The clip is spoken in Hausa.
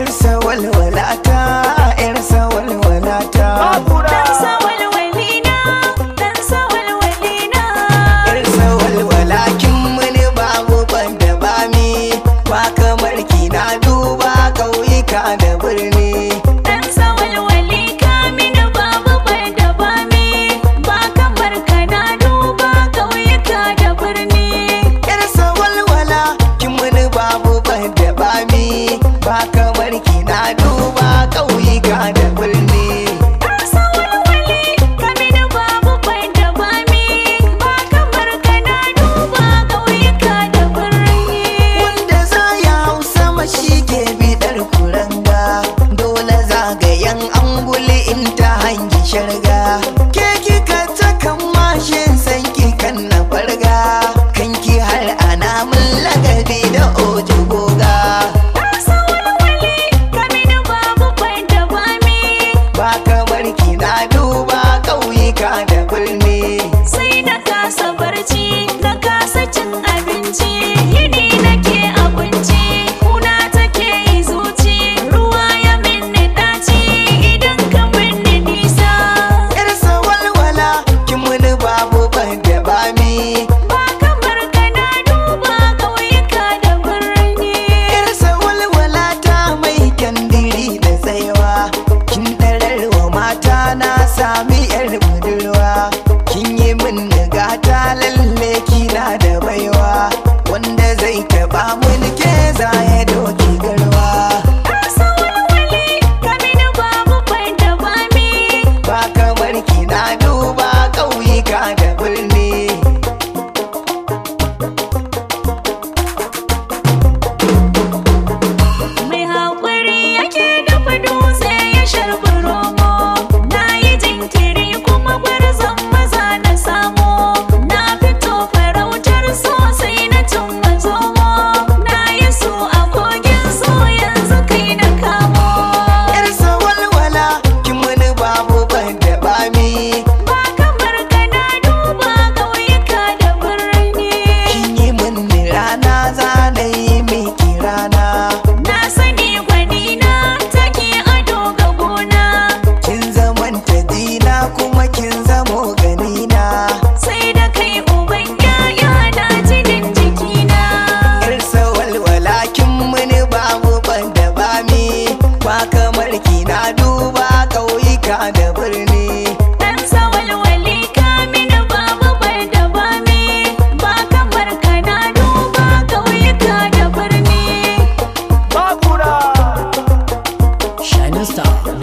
irsa walwalata irsa walwalata irsa walwalina irsa walwalina irsa walwalakin muni babu banda bami ba kamar kina duba kauyuka da birni min gata lalle ƙauya da birni ɗan sawal wali kamina babu bai da bami ba kamar kana duba ƙauyuka da birni bakura shining star